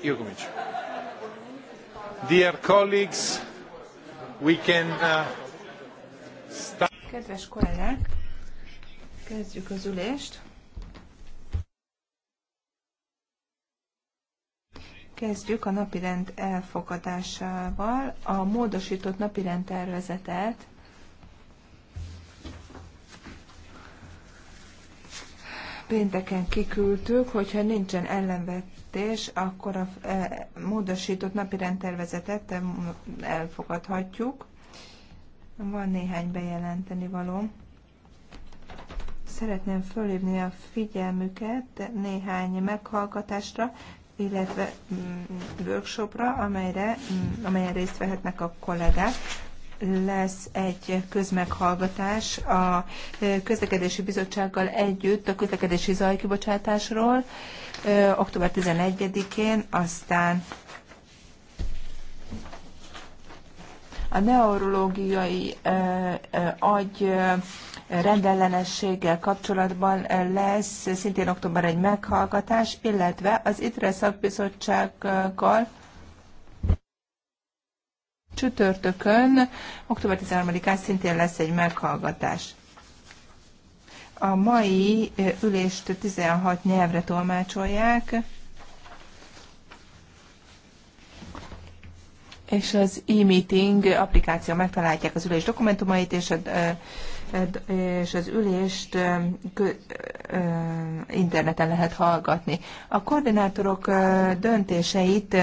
Io comincio. Dear colleagues, we can uh, start. Kedves kollégák, kezdjük az ülést. Kezdjük a napirend elfogadásával. A módosított napirend tervezetet pénteken kiküldtük, hogyha nincsen ellenvet egyetértés, akkor a e, módosított napirendtervezetet elfogadhatjuk. Van néhány bejelenteni való. Szeretném fölhívni a figyelmüket néhány meghallgatásra, illetve mm, workshopra, amelyre, mm, amelyen részt vehetnek a kollégák lesz egy közmeghallgatás a e, közlekedési bizottsággal együtt a közlekedési zajkibocsátásról, október 11-én, aztán a neurológiai agy rendellenességgel kapcsolatban lesz szintén október egy meghallgatás, illetve az ITRE szakbizottsággal csütörtökön, október 13-án szintén lesz egy meghallgatás. A mai ülést 16 nyelvre tolmácsolják, és az e-meeting applikáció megtalálják az ülés dokumentumait, és a és az ülést interneten lehet hallgatni. A koordinátorok döntéseit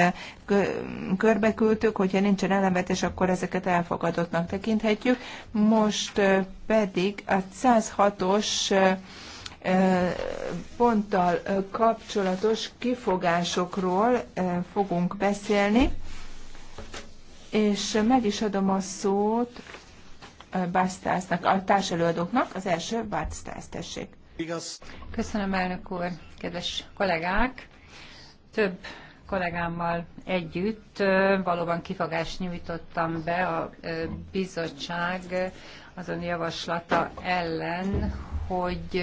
körbeküldtük, hogyha nincsen ellenvetés, akkor ezeket elfogadottnak tekinthetjük. Most pedig a 106-os ponttal kapcsolatos kifogásokról fogunk beszélni, és meg is adom a szót Bastásznak, a társelőadóknak. Az első Bastász, tessék. Igaz. Köszönöm, elnök úr, kedves kollégák. Több kollégámmal együtt valóban kifogást nyújtottam be a bizottság azon javaslata ellen, hogy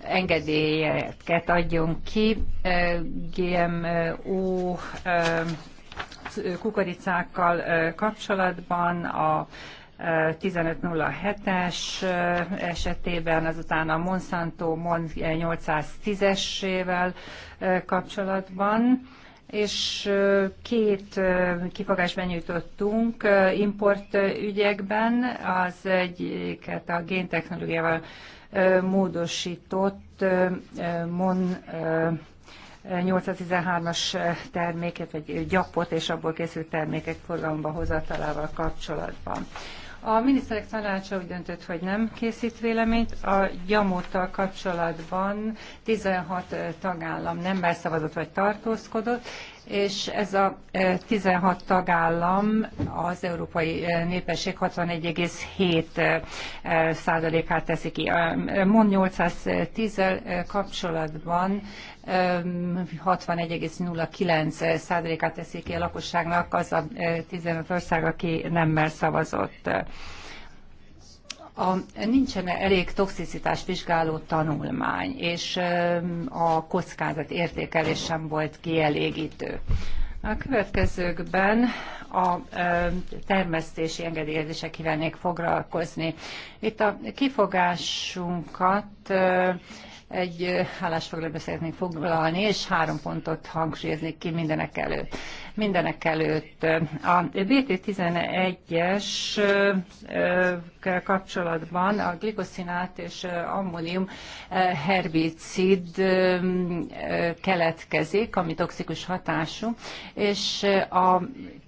engedélyeket adjon ki GMO kukoricákkal kapcsolatban a 1507-es eh, esetében, azután a Monsanto Mon 810-esével eh, eh, kapcsolatban, és két kifogást benyújtottunk import ügyekben, az egyiket a géntechnológiával módosított MON 813-as terméket, vagy gyapot és abból készült termékek forgalomba hozatalával kapcsolatban. A miniszterek tanácsa úgy döntött, hogy nem készít véleményt. A gyamottal kapcsolatban 16 tagállam nem beszavazott vagy tartózkodott, és ez a 16 e, tagállam az európai e, népesség 61,7 e, százalékát teszi ki. Mond 810-el kapcsolatban 61,09 százalékát teszi ki a lakosságnak az a 15 ország, aki mer szavazott a, nincsen elég toxicitás vizsgáló tanulmány, és a kockázat értékelés sem volt kielégítő. A következőkben a termesztési engedélyezések kívánnék foglalkozni. Itt a kifogásunkat egy állásfoglalóba szeretnék foglalni, és három pontot hangsúlyozni ki mindenek előtt. Mindenek előtt a BT11-es kapcsolatban a glikoszinát és ammónium herbicid keletkezik, ami toxikus hatású, és a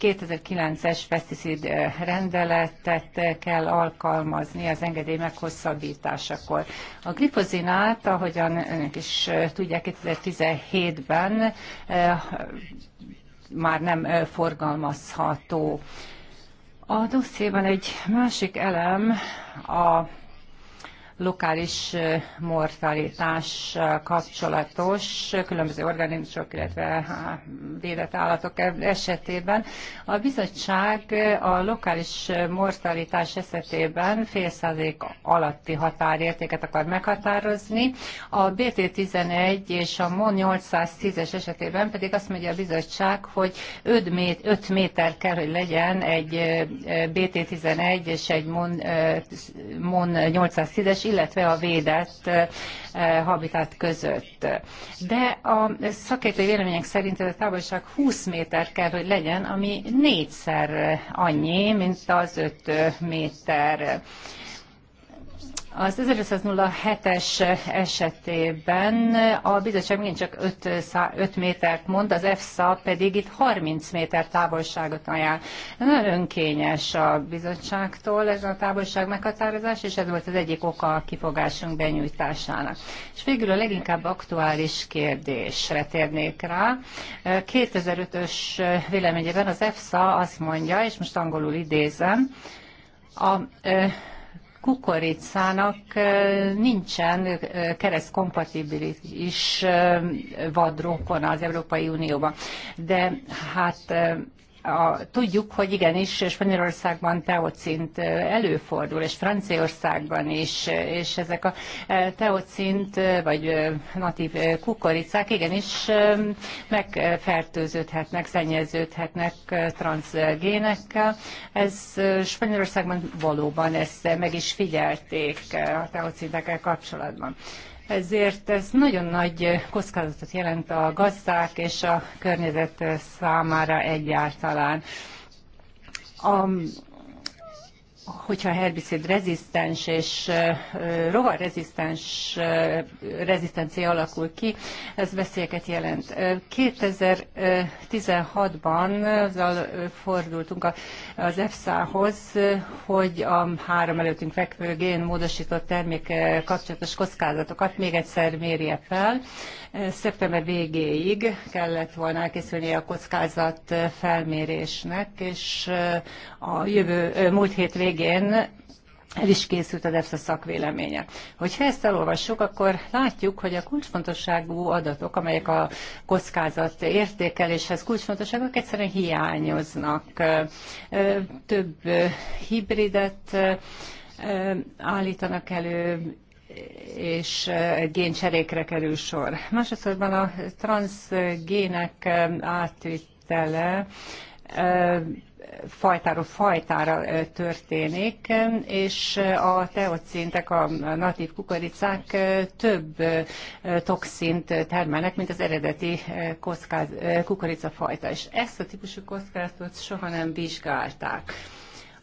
2009-es pesticid rendeletet kell alkalmazni az engedély meghosszabbításakor. A glifozinát, ahogyan önök is tudják, 2017-ben már nem forgalmazható. A dossziéban egy másik elem a lokális mortalitás kapcsolatos különböző organizmusok, illetve védett állatok e, esetében. A bizottság a lokális mortalitás esetében fél százalék alatti határértéket akar meghatározni, a BT11 és a MON 810-es esetében pedig azt mondja a bizottság, hogy 5 méter, 5 méter kell, hogy legyen egy BT11 és egy MON, MON 810-es illetve a védett eh, eh, habitat között. De a szakértői vélemények szerint ez a távolság 20 méter kell, hogy legyen, ami négyszer eh, annyi, mint az 5 méter. Az 1507-es esetében a bizottság mind csak 5, 5 métert mond, az EFSA pedig itt 30 méter távolságot ajánl. Nagyon önkényes a bizottságtól ez a távolság meghatározás, és ez volt az egyik oka a kifogásunk benyújtásának. És végül a leginkább aktuális kérdésre térnék rá. 2005-ös véleményében az EFSA azt mondja, és most angolul idézem, a kukoricának nincsen keresztkompatibilis kompatibilis vadrokona az Európai Unióban. De hát a, tudjuk, hogy igenis Spanyolországban teocint előfordul, és Franciaországban is, és ezek a teocint, vagy natív kukoricák igenis megfertőződhetnek, szennyeződhetnek transzgénekkel. Ez Spanyolországban valóban ezt meg is figyelték a teocintekkel kapcsolatban ezért ez nagyon nagy kockázatot jelent a gazdák és a környezet számára egyáltalán. A hogyha herbicid rezisztens és rovarrezisztens rezisztencia alakul ki, ez veszélyeket jelent. 2016-ban azzal fordultunk az EFSA-hoz, hogy a három előttünk fekvő módosított termék kapcsolatos kockázatokat még egyszer mérje fel. Szeptember végéig kellett volna elkészülnie a kockázat felmérésnek, és a jövő múlt hét végén végén el is készült a DEFSA szakvéleménye. Hogyha ezt elolvassuk, akkor látjuk, hogy a kulcsfontosságú adatok, amelyek a kockázat értékeléshez kulcsfontosságok, egyszerűen hiányoznak. Több hibridet állítanak elő, és géncserékre kerül sor. Másodszorban a transzgének átvittele fajtáról fajtára történik, és a teocintek, a natív kukoricák több toxint termelnek, mint az eredeti kockáz, kukoricafajta, és ezt a típusú kockázatot soha nem vizsgálták.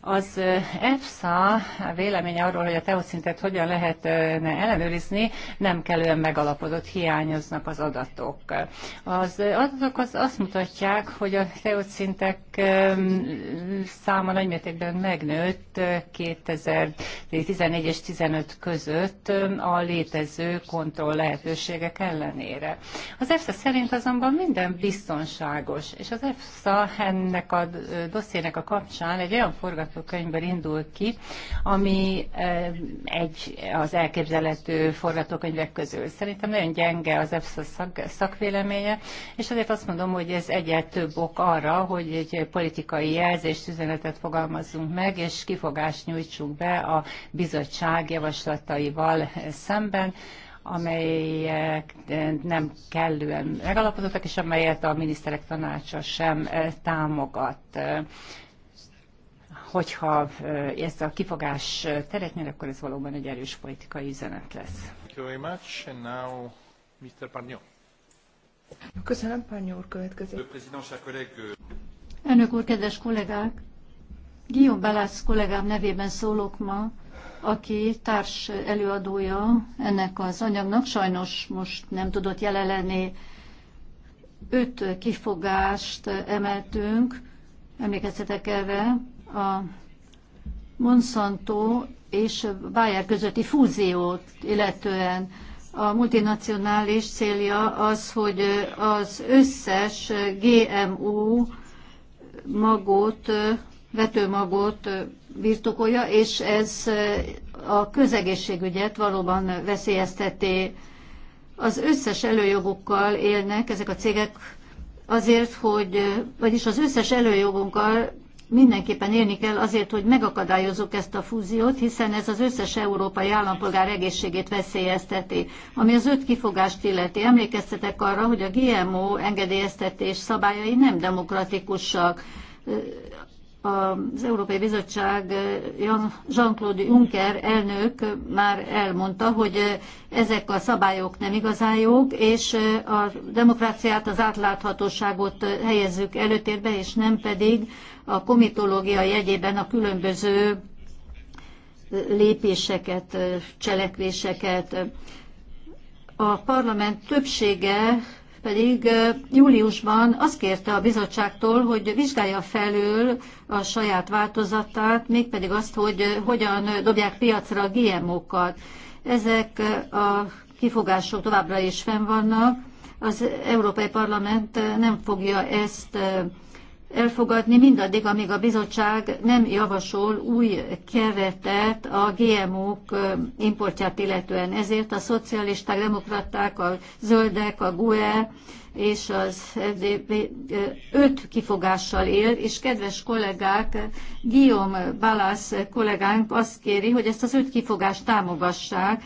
Az EFSA véleménye arról, hogy a teoszintet hogyan lehetne ellenőrizni, nem kellően megalapozott, hiányoznak az adatok. Az adatok az azt mutatják, hogy a teoszintek száma nagymértékben megnőtt 2014 és 2015 között a létező kontroll lehetőségek ellenére. Az EFSA szerint azonban minden biztonságos, és az EFSA ennek a dossziének a kapcsán egy olyan forgat forgatókönyvből indul ki, ami e, egy az elképzelhető forgatókönyvek közül. Szerintem nagyon gyenge az EFSA szak, szakvéleménye, és azért azt mondom, hogy ez egyel több ok arra, hogy egy politikai jelzést, üzenetet fogalmazzunk meg, és kifogást nyújtsunk be a bizottság javaslataival szemben amelyek nem kellően megalapozottak, és amelyet a miniszterek tanácsa sem e, támogat hogyha ezt a kifogás teret nyer, akkor ez valóban egy erős politikai üzenet lesz. Köszönöm, Pányó úr következik. Euh, Elnök úr, kedves kollégák! Guillaume Balázs kollégám nevében szólok ma, aki társ előadója ennek az anyagnak, sajnos most nem tudott jelen lenni. Öt kifogást emeltünk, emlékeztetek erre, a Monsanto és Bayer közötti fúziót illetően. A multinacionális célja az, hogy az összes GMO magot, vetőmagot birtokolja, és ez a közegészségügyet valóban veszélyezteti. Az összes előjogokkal élnek ezek a cégek azért, hogy, vagyis az összes előjogunkkal mindenképpen élni kell azért, hogy megakadályozzuk ezt a fúziót, hiszen ez az összes európai állampolgár egészségét veszélyezteti. Ami az öt kifogást illeti, emlékeztetek arra, hogy a GMO engedélyeztetés szabályai nem demokratikusak az Európai Bizottság eh, Jean-Claude Juncker elnök már elmondta, hogy eh, ezek a szabályok nem igazán jók, és eh, a demokráciát, az átláthatóságot helyezzük előtérbe, és nem pedig a komitológia jegyében a különböző lépéseket, cselekvéseket. A parlament többsége pedig júliusban azt kérte a bizottságtól, hogy vizsgálja felül a saját változatát, mégpedig azt, hogy hogyan dobják piacra a GMO-kat. Ezek a kifogások továbbra is fenn vannak. Az Európai Parlament nem fogja ezt elfogadni mindaddig, amíg a bizottság nem javasol új keretet a GMO-k importját illetően. Ezért a szocialisták, demokraták, a zöldek, a GUE és az FDP öt kifogással él, és kedves kollégák, Guillaume Balász kollégánk azt kéri, hogy ezt az öt kifogást támogassák,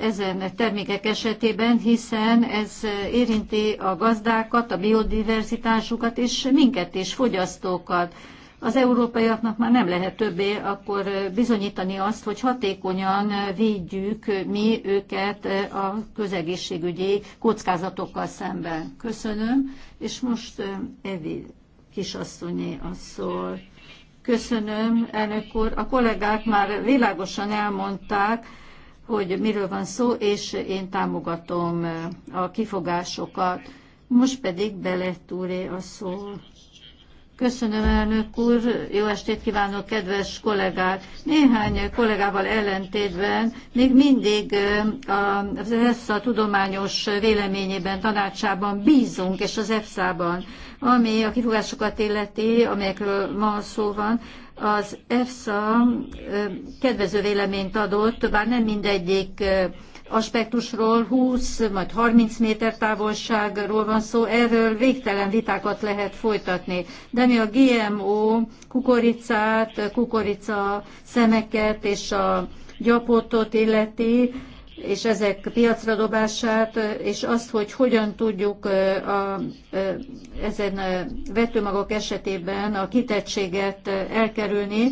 ezen termékek esetében, hiszen ez érinti a gazdákat, a biodiverzitásukat és minket is, fogyasztókat. Az európaiaknak már nem lehet többé akkor bizonyítani azt, hogy hatékonyan védjük mi őket a közegészségügyi kockázatokkal szemben. Köszönöm, és most Evi kisasszonyé a szól. Köszönöm, elnök úr. A kollégák már világosan elmondták, hogy miről van szó, és én támogatom a kifogásokat. Most pedig Beletúré a szó. Köszönöm, elnök úr, jó estét kívánok, kedves kollégák! Néhány kollégával ellentétben még mindig az EFSA tudományos véleményében, tanácsában bízunk, és az EFSA-ban, ami a kifogásokat illeti, amelyekről ma szó van, az EFSA kedvező véleményt adott, bár nem mindegyik aspektusról 20, majd 30 méter távolságról van szó, erről végtelen vitákat lehet folytatni. De mi a GMO kukoricát, kukorica szemeket és a gyapotot illeti, és ezek piacra dobását, és azt, hogy hogyan tudjuk a, a, ezen vetőmagok esetében a kitettséget elkerülni,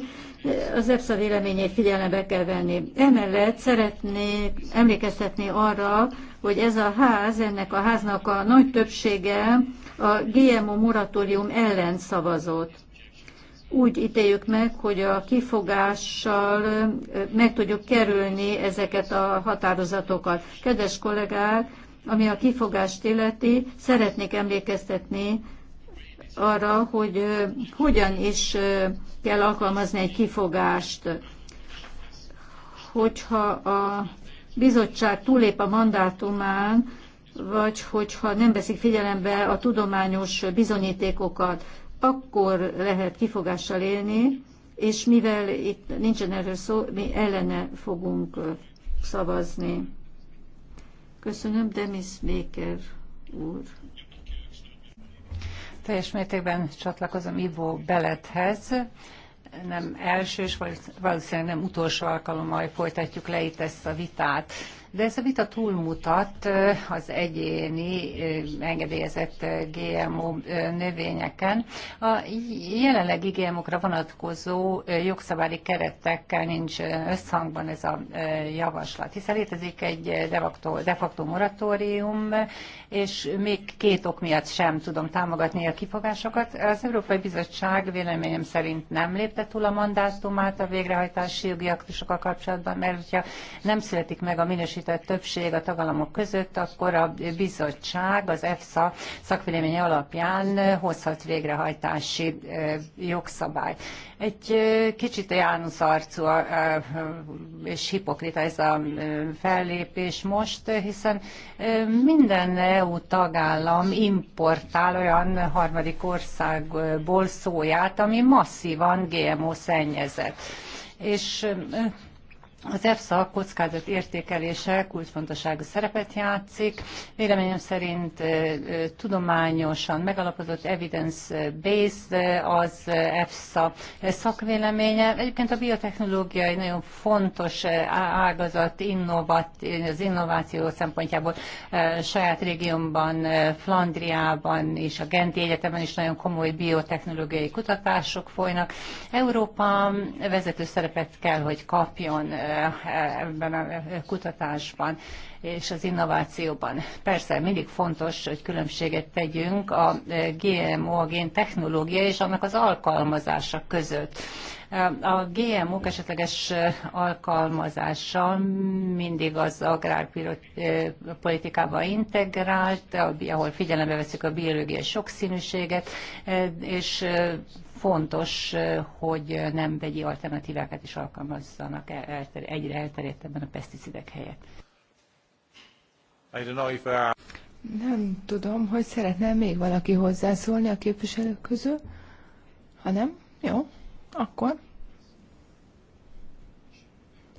az EPSZA véleményét figyelembe kell venni. Emellett szeretnék emlékeztetni arra, hogy ez a ház, ennek a háznak a nagy többsége a GMO moratórium ellen szavazott úgy ítéljük meg, hogy a kifogással meg tudjuk kerülni ezeket a határozatokat. Kedves kollégák, ami a kifogást illeti, szeretnék emlékeztetni arra, hogy hogyan is kell alkalmazni egy kifogást. Hogyha a bizottság túlép a mandátumán, vagy hogyha nem veszik figyelembe a tudományos bizonyítékokat, akkor lehet kifogással élni, és mivel itt nincsen erről szó, mi ellene fogunk szavazni. Köszönöm, Demis maker úr. Teljes mértékben csatlakozom Ivo Belethez nem első, és valószínűleg nem utolsó alkalommal folytatjuk le itt ezt a vitát. De ez a vita túlmutat az egyéni engedélyezett GMO növényeken. A jelenlegi GMO-kra vonatkozó jogszabályi keretekkel nincs összhangban ez a javaslat, hiszen létezik egy de facto, de facto moratórium, és még két ok miatt sem tudom támogatni a kifogásokat. Az Európai Bizottság véleményem szerint nem lépte lépte túl a mandátumát a végrehajtási jogi aktusokkal kapcsolatban, mert hogyha nem születik meg a minősített többség a tagállamok között, akkor a bizottság az EFSA szakvéleménye alapján hozhat végrehajtási jogszabály. Egy kicsit Jánusz arcú és hipokrita ez a fellépés most, hiszen minden EU tagállam importál olyan harmadik országból szóját, ami masszívan GM GMO szennyezet. És az EFSA kockázat értékelése kulcsfontosságú szerepet játszik. Véleményem szerint tudományosan megalapozott evidence-based az EFSA szakvéleménye. Egyébként a biotechnológia egy nagyon fontos ágazat innovat, az innováció szempontjából saját régiómban, Flandriában és a Genti Egyetemen is nagyon komoly biotechnológiai kutatások folynak. Európa vezető szerepet kell, hogy kapjon ebben a kutatásban és az innovációban. Persze mindig fontos, hogy különbséget tegyünk a GMO, a gén technológia és annak az alkalmazása között. A GMO-k esetleges alkalmazása mindig az agrárpolitikába integrált, ahol figyelembe veszük a biológiai sokszínűséget, és fontos, hogy nem vegyi alternatívákat is alkalmazzanak e- egyre elterjedtebben a peszticidek helyett. Uh, nem tudom, hogy szeretne még valaki hozzászólni a képviselők közül. Ha nem, jó, akkor.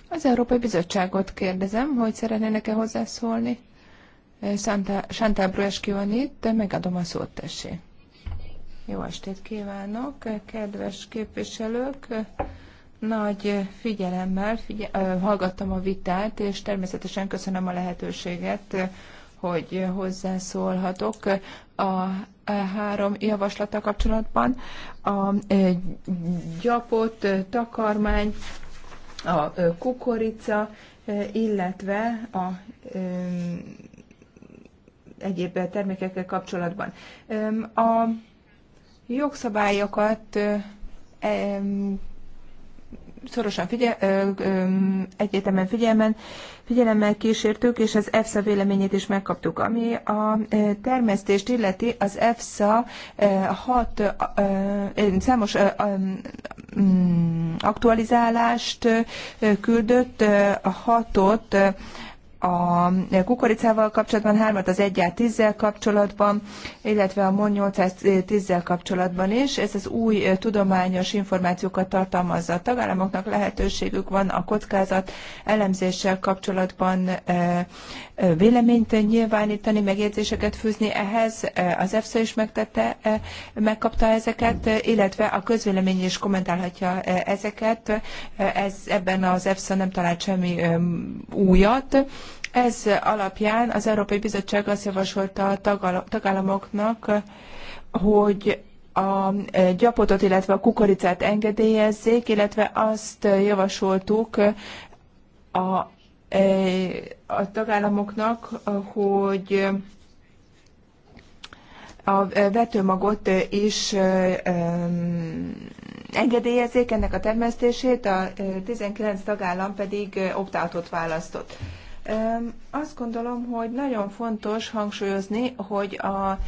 Az Európai Bizottságot kérdezem, hogy szeretnének-e hozzászólni. Santa, Santa Brueski van itt, megadom a szót, tessék. Jó estét kívánok, kedves képviselők! Nagy figyelemmel figye- hallgattam a vitát, és természetesen köszönöm a lehetőséget, hogy hozzászólhatok a három javaslata kapcsolatban. A gyapot, takarmány, a kukorica, illetve a egyéb termékekkel kapcsolatban. A jogszabályokat szorosan figyel, egyetemen figyelmen, figyelemmel kísértük, és az EFSA véleményét is megkaptuk. Ami a termesztést illeti, az EFSA hat, számos aktualizálást küldött, a hatot a kukoricával kapcsolatban, hármat az 1 10 kapcsolatban, illetve a MON 810-zel kapcsolatban is. Ez az új tudományos információkat tartalmazza. A tagállamoknak lehetőségük van a kockázat elemzéssel kapcsolatban véleményt nyilvánítani, megjegyzéseket fűzni ehhez. Az EFSA is megtette, megkapta ezeket, illetve a közvélemény is kommentálhatja ezeket. Ez, ebben az EFSA nem talált semmi újat. Ez alapján az Európai Bizottság azt javasolta a tagállamoknak, hogy a gyapotot, illetve a kukoricát engedélyezzék, illetve azt javasoltuk a a tagállamoknak, hogy a vetőmagot is engedélyezzék ennek a termesztését, a 19 eh, tagállam pedig eh, optátot választott. Azt gondolom, hogy nagyon fontos hangsúlyozni, hogy a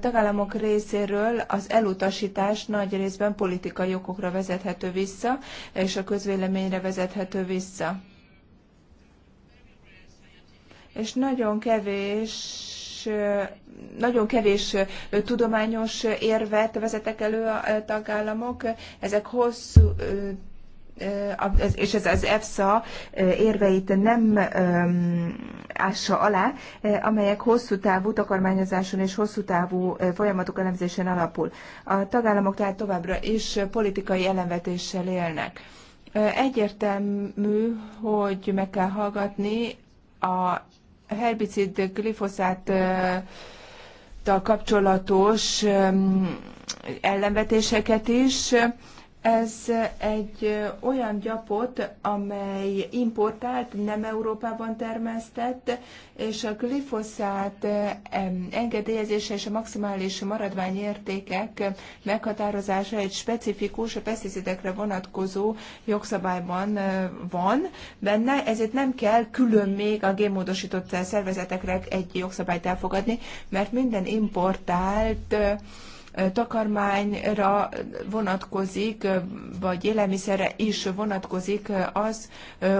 tagállamok részéről az elutasítás nagy részben politikai okokra vezethető vissza, és a közvéleményre vezethető vissza és nagyon kevés nagyon kevés tudományos érvet vezetek elő a tagállamok, ezek hosszú, és ez az EFSA érveit nem ássa alá, amelyek hosszú távú takarmányozáson és hosszú távú folyamatok elemzésen alapul. A tagállamok tehát továbbra is politikai ellenvetéssel élnek. Egyértelmű, hogy meg kell hallgatni a herbicid glifoszáttal kapcsolatos ellenvetéseket is, ez egy olyan gyapot, amely importált, nem Európában termesztett, és a glifoszát engedélyezése és a maximális maradványértékek meghatározása egy specifikus, a pesticidekre vonatkozó jogszabályban van benne, ezért nem kell külön még a gémódosított szervezetekre egy jogszabályt elfogadni, mert minden importált takarmányra vonatkozik, vagy élelmiszerre is vonatkozik az,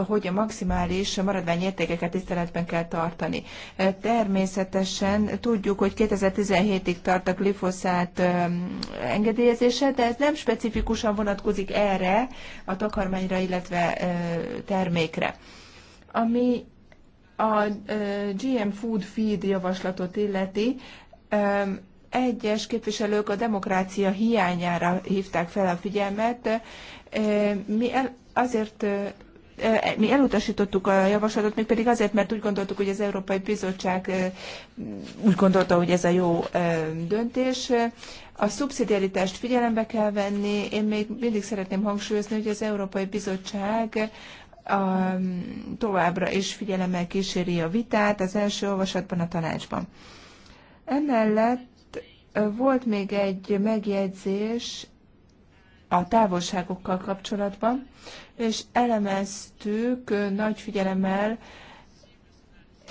hogy a maximális maradványértékeket tiszteletben kell tartani. Természetesen tudjuk, hogy 2017-ig tart a glifoszát engedélyezése, de ez nem specifikusan vonatkozik erre a takarmányra, illetve termékre. Ami a GM Food Feed javaslatot illeti, egyes képviselők a demokrácia hiányára hívták fel a figyelmet. Mi el, azért mi elutasítottuk a javaslatot, még pedig azért, mert úgy gondoltuk, hogy az Európai Bizottság úgy gondolta, hogy ez a jó döntés. A szubszidiaritást figyelembe kell venni. Én még mindig szeretném hangsúlyozni, hogy az Európai Bizottság a, továbbra is figyelemmel kíséri a vitát az első olvasatban a tanácsban. Emellett volt még egy megjegyzés a távolságokkal kapcsolatban, és elemeztük nagy figyelemmel,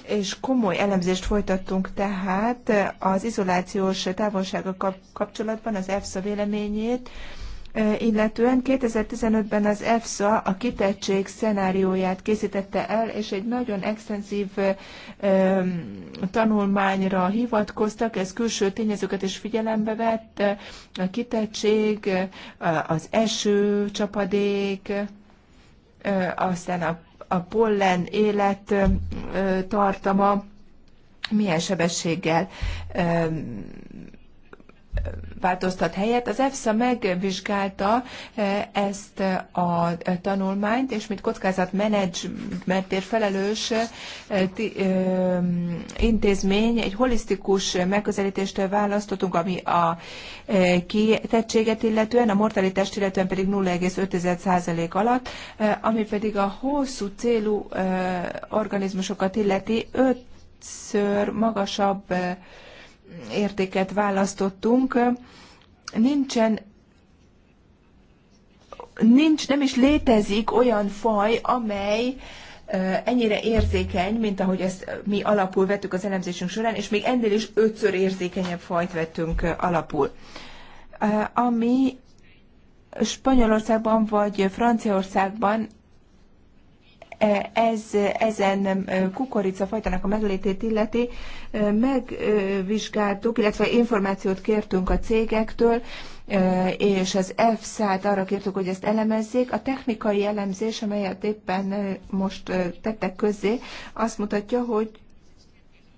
és komoly elemzést folytattunk tehát az izolációs távolságok kapcsolatban az EFSA véleményét, illetően 2015-ben az EFSA a kitettség szenárióját készítette el, és egy nagyon extenzív tanulmányra hivatkoztak, ez külső tényezőket is figyelembe vett, a kitettség, az eső, csapadék, aztán a, a pollen élet tartama, milyen sebességgel változtat helyet. Az EFSA megvizsgálta eh, ezt a eh, tanulmányt, és mint kockázatmenedzsmentért felelős eh, intézmény egy holisztikus megközelítést választottunk, ami a kitettséget illetően, a mortalitást illetően pedig 0,5% alatt, ami pedig a hosszú célú organizmusokat illeti ötször magasabb értéket választottunk. Nincsen nincs, nem is létezik olyan faj, amely ennyire érzékeny, mint ahogy ezt mi alapul vettük az elemzésünk során, és még ennél is ötször érzékenyebb fajt vettünk alapul. Ami Spanyolországban vagy Franciaországban E, ez, ezen kukoricafajtának a meglétét illeti, e, megvizsgáltuk, illetve információt kértünk a cégektől, e, és az EFSA-t arra kértük, hogy ezt elemezzék. A technikai elemzés, amelyet éppen most tettek közzé, azt mutatja, hogy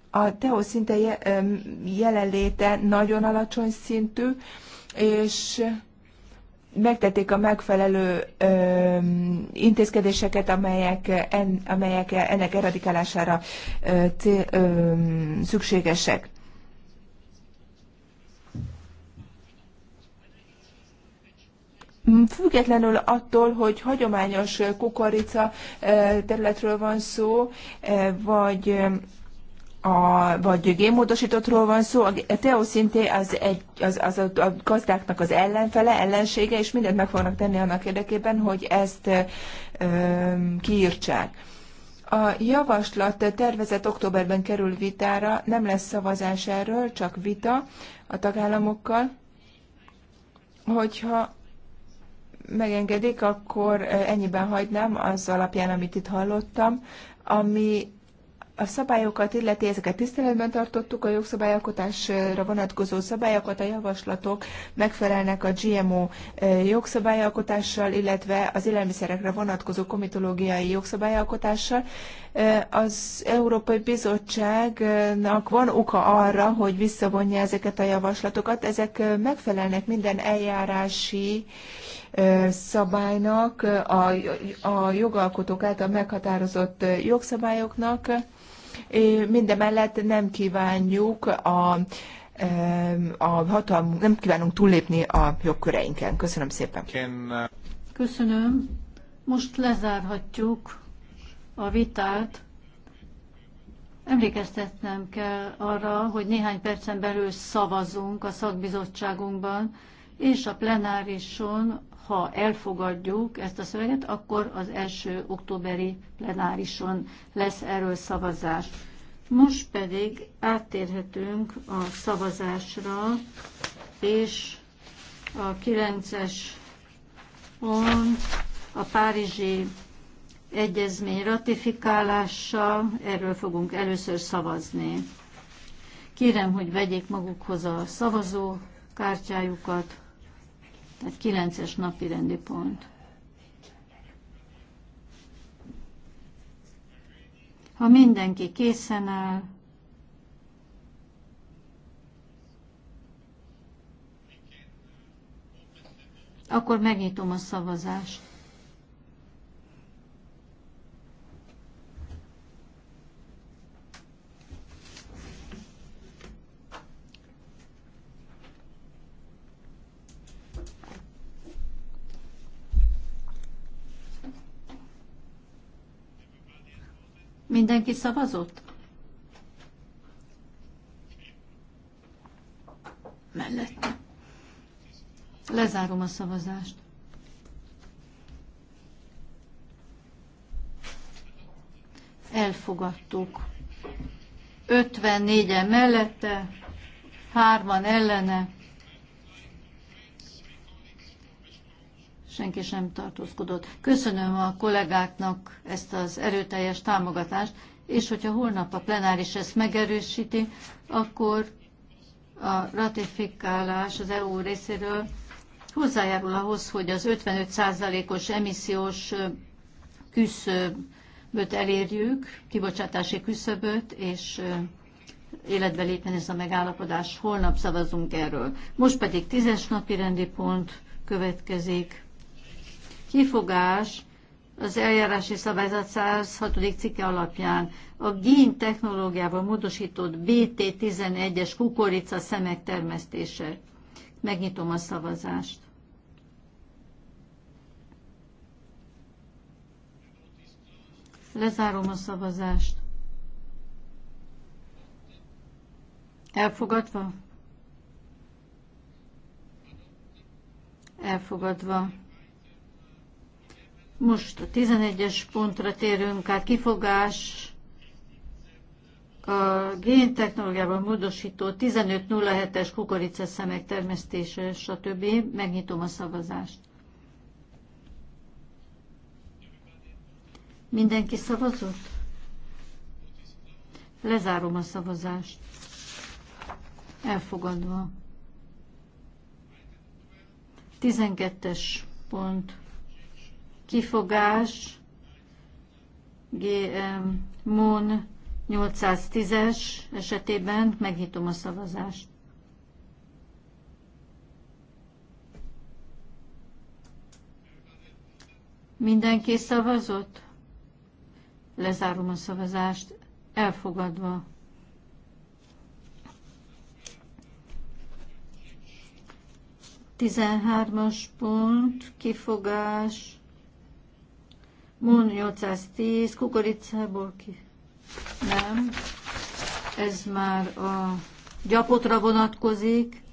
a TEO szinte jelenléte nagyon alacsony szintű, és megtették a megfelelő ö, intézkedéseket, amelyek, en, amelyek ennek eradikálására ö, cél, ö, szükségesek. Függetlenül attól, hogy hagyományos kukorica területről van szó, vagy a, vagy génmódosítottról van szó, a teoszinté az, egy, az, az a, a gazdáknak az ellenfele, ellensége, és mindent meg fognak tenni annak érdekében, hogy ezt ö, kiírtsák. A javaslat tervezett októberben kerül vitára, nem lesz szavazás erről, csak vita a tagállamokkal. Hogyha megengedik, akkor ennyiben hagynám az alapján, amit itt hallottam, ami a szabályokat illeti, ezeket tiszteletben tartottuk, a jogszabályalkotásra vonatkozó szabályokat, a javaslatok megfelelnek a GMO jogszabályalkotással, illetve az élelmiszerekre vonatkozó komitológiai jogszabályalkotással. Az Európai Bizottságnak van oka arra, hogy visszavonja ezeket a javaslatokat. Ezek megfelelnek minden eljárási szabálynak, a, a jogalkotók által meghatározott jogszabályoknak. Mindemellett nem kívánjuk a a hatalm, nem kívánunk túllépni a jogköreinken. Köszönöm szépen. Uh, Köszönöm. Most lezárhatjuk a vitát. Emlékeztetnem kell arra, hogy néhány percen belül szavazunk a szakbizottságunkban, és a plenárison ha elfogadjuk ezt a szöveget, akkor az első októberi plenárison lesz erről szavazás. Most pedig áttérhetünk a szavazásra, és a 9-es pont a Párizsi Egyezmény ratifikálása, erről fogunk először szavazni. Kérem, hogy vegyék magukhoz a szavazókártyájukat. Tehát 9-es napi rendi pont. Ha mindenki készen áll, akkor megnyitom a szavazást. Mindenki szavazott? Mellette. Lezárom a szavazást. Elfogadtuk. 54-en mellette, 3-an ellene, senki sem tartózkodott. Köszönöm a kollégáknak ezt az erőteljes támogatást, és hogyha holnap a plenáris ezt megerősíti, akkor a ratifikálás az EU részéről hozzájárul ahhoz, hogy az 55%-os emissziós küszöböt elérjük, kibocsátási küszöböt, és életbe lépjen ez a megállapodás. Holnap szavazunk erről. Most pedig tízes napi rendi pont következik kifogás az eljárási szabályzat 106. cikke alapján a gén technológiával módosított BT11-es kukorica szemek termesztése. Megnyitom a szavazást. Lezárom a szavazást. Elfogadva? Elfogadva. Most a 11-es pontra térünk át, kifogás a géntechnológiában módosító 1507-es kukoricaszemek termesztése, stb. Megnyitom a szavazást. Mindenki szavazott? Lezárom a szavazást. Elfogadva. 12-es pont kifogás, GM MON 810-es esetében megnyitom a szavazást. Mindenki szavazott? Lezárom a szavazást. Elfogadva. Tizenhármas pont, kifogás, MON 810, kukoricából ki. Nem. Ez már a gyapotra vonatkozik.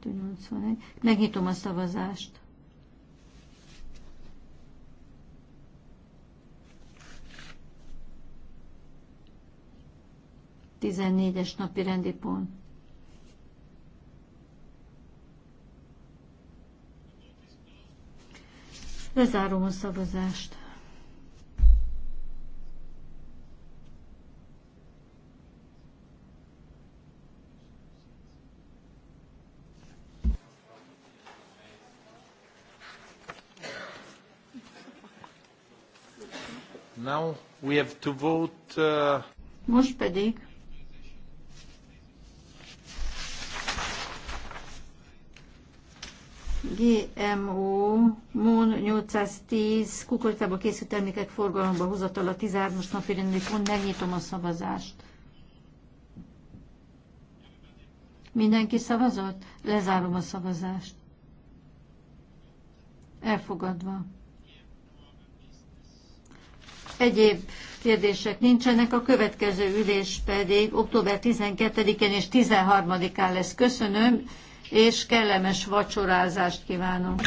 281. Megnyitom a szavazást. Tizennégyes napi rendi pont. Lezárom a szavazást. Now we have to vote, uh... Most pedig GMO mo 810 kukoricába készült termékek forgalomba hozatala 13-as napi rendi pont, megnyitom a szavazást. Mindenki szavazott? Lezárom a szavazást. Elfogadva. Egyéb kérdések nincsenek, a következő ülés pedig október 12-én és 13-án lesz. Köszönöm, és kellemes vacsorázást kívánok.